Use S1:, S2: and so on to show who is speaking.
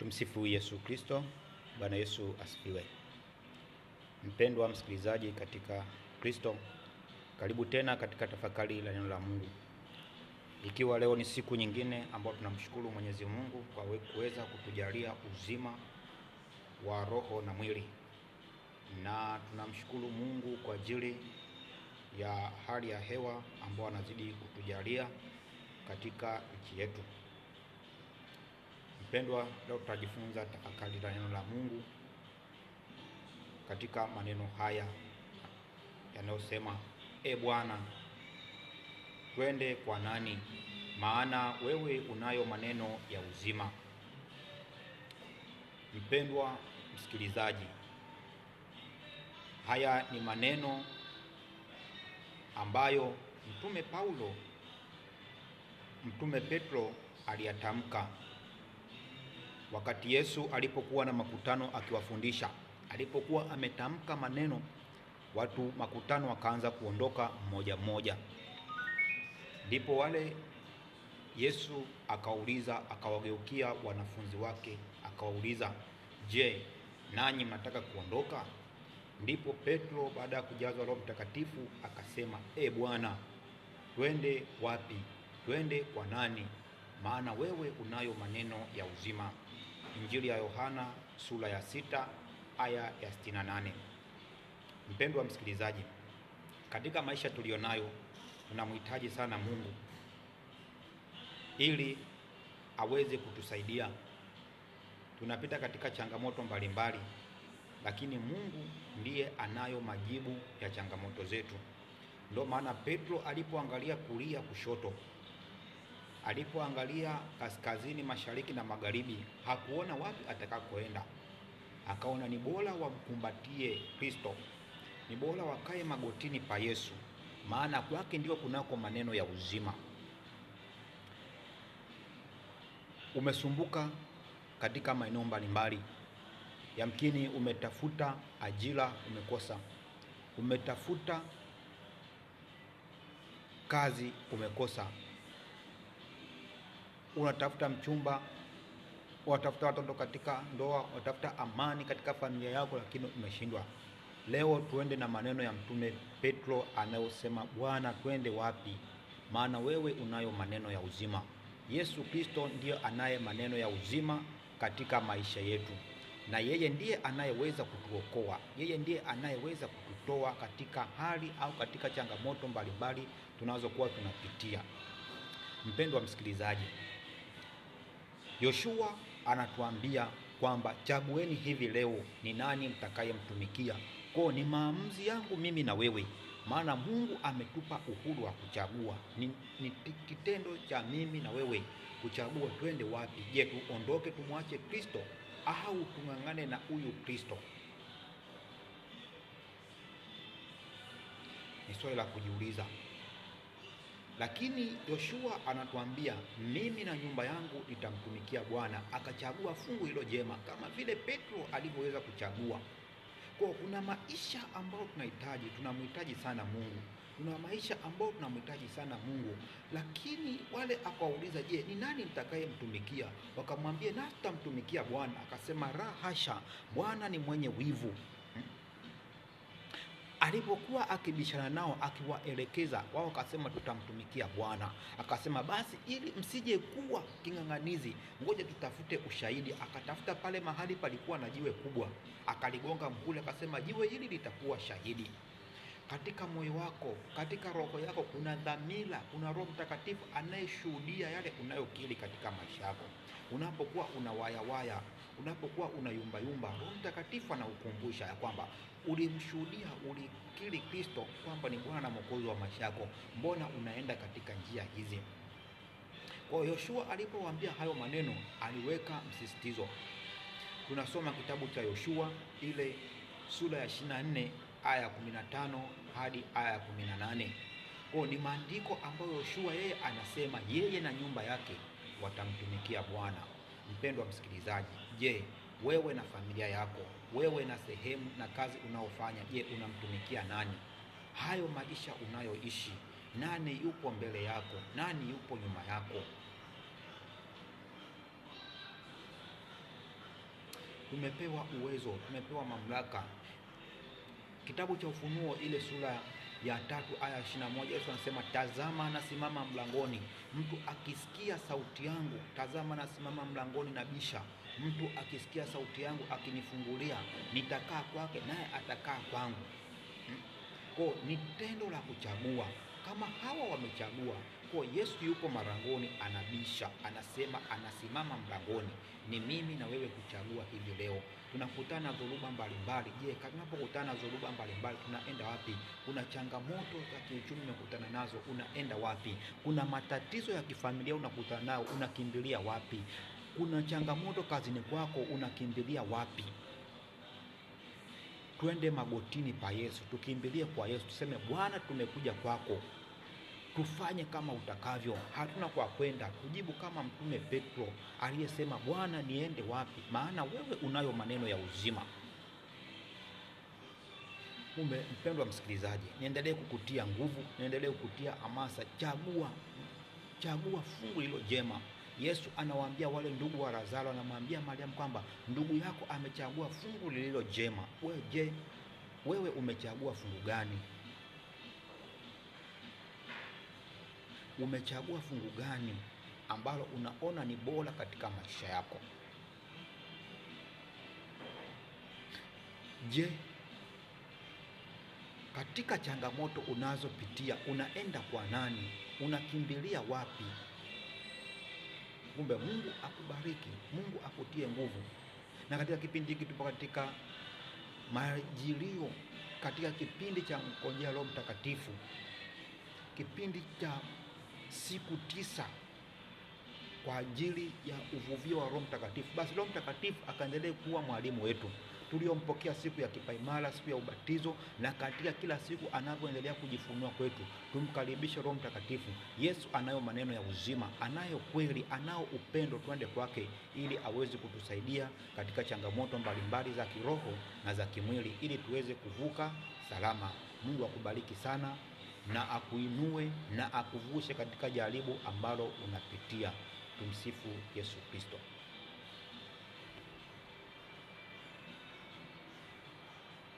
S1: Tumsifu Yesu Kristo. Bwana Yesu asifiwe. Mpendwa msikilizaji katika Kristo, karibu tena katika tafakari la neno la Mungu, ikiwa leo ni siku nyingine ambayo tunamshukuru Mwenyezi Mungu kwa kuweza kutujalia uzima wa roho na mwili, na tunamshukuru Mungu kwa ajili ya hali ya hewa ambayo anazidi kutujalia katika nchi yetu. Mpendwa, leo tutajifunza tafakari la neno la Mungu katika maneno haya yanayosema, E Bwana, twende kwa nani? Maana wewe unayo maneno ya uzima. Mpendwa msikilizaji, haya ni maneno ambayo mtume Paulo mtume Petro aliyatamka wakati Yesu alipokuwa na makutano akiwafundisha, alipokuwa ametamka maneno, watu makutano wakaanza kuondoka mmoja mmoja, ndipo wale Yesu akauliza, akawageukia wanafunzi wake akawauliza, je, nanyi mnataka kuondoka? Ndipo Petro baada ya kujazwa Roho Mtakatifu akasema, e Bwana, twende wapi? Twende kwa nani? Maana wewe unayo maneno ya uzima. Injili ya Yohana sura ya sita aya ya 68. Mpendwa msikilizaji, katika maisha tuliyonayo tunamhitaji sana Mungu ili aweze kutusaidia. Tunapita katika changamoto mbalimbali mbali, lakini Mungu ndiye anayo majibu ya changamoto zetu. Ndio maana Petro alipoangalia kulia kushoto Alipoangalia kaskazini, mashariki na magharibi, hakuona wapi atakakoenda. Akaona ni bora wamkumbatie Kristo, ni bora wakae magotini pa Yesu, maana kwake ndiko kunako maneno ya uzima. Umesumbuka katika maeneo mbalimbali, yamkini umetafuta ajira umekosa, umetafuta kazi umekosa unatafuta mchumba, unatafuta watoto katika ndoa, unatafuta amani katika familia yako, lakini umeshindwa. Leo tuende na maneno ya Mtume Petro anayosema, Bwana, twende wapi? Maana wewe unayo maneno ya uzima. Yesu Kristo ndiyo anaye maneno ya uzima katika maisha yetu, na yeye ndiye anayeweza kutuokoa. Yeye ndiye anayeweza kututoa katika hali au katika changamoto mbalimbali tunazokuwa tunapitia. Mpendwa msikilizaji, Yoshua anatuambia kwamba chagueni hivi leo ni nani mtakayemtumikia. Kwa ni maamuzi yangu mimi na wewe, maana Mungu ametupa uhuru wa kuchagua. Ni, ni kitendo cha mimi na wewe kuchagua twende wapi. Je, tuondoke tumwache Kristo au tung'ang'ane na huyu Kristo? Ni swali la kujiuliza. Lakini Yoshua anatuambia mimi na nyumba yangu nitamtumikia Bwana, akachagua fungu hilo jema, kama vile Petro alivyoweza kuchagua. Kwa kuna maisha ambayo tunahitaji, tunamhitaji sana Mungu, kuna maisha ambayo tunamhitaji sana Mungu. Lakini wale akawauliza, je, ni nani nitakayemtumikia? Wakamwambia, nasi tutamtumikia Bwana. Akasema, ra hasha, Bwana ni mwenye wivu alipokuwa akibishana nao akiwaelekeza wao, akasema tutamtumikia Bwana. Akasema basi, ili msije kuwa king'ang'anizi, ngoja tutafute ushahidi. Akatafuta pale mahali palikuwa na jiwe kubwa, akaligonga mkule, akasema jiwe hili litakuwa shahidi katika moyo wako, katika roho yako kuna dhamira, kuna Roho Mtakatifu anayeshuhudia yale unayokiri katika maisha yako. Unapokuwa una wayawaya, unapokuwa una yumbayumba, Roho Mtakatifu anaukumbusha ya kwamba ulimshuhudia, ulikiri Kristo kwamba ni Bwana na Mwokozi wa maisha yako, mbona unaenda katika njia hizi? Kwa Yoshua alipowaambia hayo maneno, aliweka msisitizo. Tunasoma kitabu cha Yoshua ile sura ya 24 aya ya 15 hadi aya ya 18. Kwao ni maandiko ambayo Yoshua yeye anasema yeye na nyumba yake watamtumikia Bwana. Mpendwa msikilizaji, je, wewe na familia yako, wewe na sehemu na kazi unaofanya, je, unamtumikia nani? Hayo maisha unayoishi, nani yupo mbele yako? Nani yupo nyuma yako? Tumepewa uwezo, tumepewa mamlaka kitabu cha Ufunuo ile sura ya tatu aya ishirini na moja Yesu anasema tazama, nasimama mlangoni, mtu akisikia sauti yangu, tazama, nasimama mlangoni na bisha, mtu akisikia sauti yangu akinifungulia, nitakaa kwake naye atakaa kwangu. Hmm? Kwa ni tendo la kuchagua. Kama hawa wamechagua kwa Yesu yuko marangoni, anabisha, anasema, anasimama mlangoni, ni mimi na wewe kuchagua hivi leo. Tunakutana dhuluba mbalimbali. Je, tunapokutana dhuluba mbalimbali tunaenda wapi? Kuna changamoto za kiuchumi unakutana nazo, unaenda wapi? Kuna matatizo ya kifamilia unakutana nayo, unakimbilia wapi? Kuna changamoto kazini kwako, unakimbilia wapi? twende magotini pa Yesu, tukimbilie kwa Yesu, tuseme Bwana, tumekuja kwako, tufanye kama utakavyo, hatuna kwa kwenda. Tujibu kama Mtume Petro aliyesema, Bwana, niende wapi? Maana wewe unayo maneno ya uzima. Mume mpendwa msikilizaji, niendelee kukutia nguvu, niendelee kukutia hamasa. Chagua, chagua fungu hilo jema. Yesu anawaambia wale ndugu wa Lazaro, anamwambia Mariamu kwamba ndugu yako amechagua fungu lililo jema. Wewe je, wewe umechagua fungu gani? Umechagua fungu gani ambalo unaona ni bora katika maisha yako? Je, katika changamoto unazopitia unaenda kwa nani? Unakimbilia wapi? Kumbe Mungu akubariki, Mungu akutie nguvu. Na katika kipindi hiki tupo katika majilio, katika kipindi cha mkojea Roho Mtakatifu, kipindi cha siku tisa kwa ajili ya uvuvio wa Roho Mtakatifu. Basi Roho Mtakatifu akaendelee kuwa mwalimu wetu tuliompokea siku ya kipaimara, siku ya ubatizo na katika kila siku anavyoendelea kujifunua kwetu. Tumkaribishe Roho Mtakatifu. Yesu anayo maneno ya uzima, anayo kweli, anao upendo. Twende kwake ili aweze kutusaidia katika changamoto mbalimbali za kiroho na za kimwili ili tuweze kuvuka salama. Mungu akubariki sana na akuinue na akuvushe katika jaribu ambalo unapitia. Tumsifu Yesu Kristo.